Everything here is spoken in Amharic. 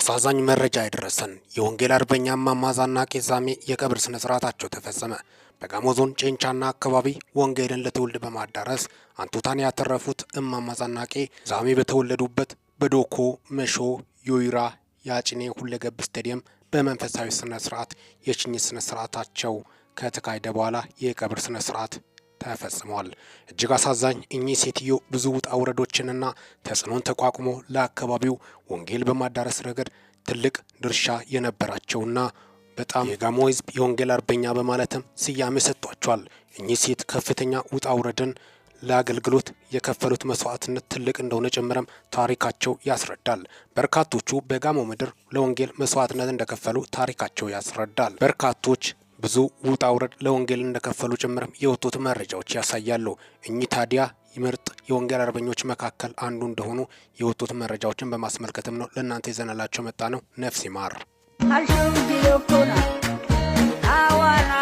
አሳዛኝ መረጃ የደረሰን የወንጌል አርበኛ እማማዛና ዛሜ የቀብር ስነ ስርዓታቸው ተፈጸመ። በጋሞ ዞን ጭንቻና አካባቢ ወንጌልን ለትውልድ በማዳረስ አንቱታን ያተረፉት እማማዛና ዛሜ በተወለዱበት በዶኮ መሾ ዮይራ የአጭኔ ሁለገብ ስቴዲየም በመንፈሳዊ ስነ ስርዓት የችኝ ስነ ስርዓታቸው ከተካሄደ በኋላ የቀብር ስነ ስርዓት ተፈጽሟል። እጅግ አሳዛኝ። እኚህ ሴትዮ ብዙ ውጣ ውረዶችንና ተጽዕኖን ተቋቁሞ ለአካባቢው ወንጌል በማዳረስ ረገድ ትልቅ ድርሻ የነበራቸውና በጣም የጋሞ ህዝብ የወንጌል አርበኛ በማለትም ስያሜ ሰጥቷቸዋል። እኚህ ሴት ከፍተኛ ውጣ ውረድን ለአገልግሎት የከፈሉት መስዋዕትነት ትልቅ እንደሆነ ጭምረም ታሪካቸው ያስረዳል። በርካቶቹ በጋሞ ምድር ለወንጌል መስዋዕትነት እንደከፈሉ ታሪካቸው ያስረዳል። በርካቶች ብዙ ውጣ ውረድ ለወንጌል እንደከፈሉ ጭምርም የወጡት መረጃዎች ያሳያሉ። እኚህ ታዲያ ምርጥ የወንጌል አርበኞች መካከል አንዱ እንደሆኑ የወጡት መረጃዎችን በማስመልከትም ነው ለእናንተ ይዘናላቸው መጣ ነው። ነፍስ ይማር።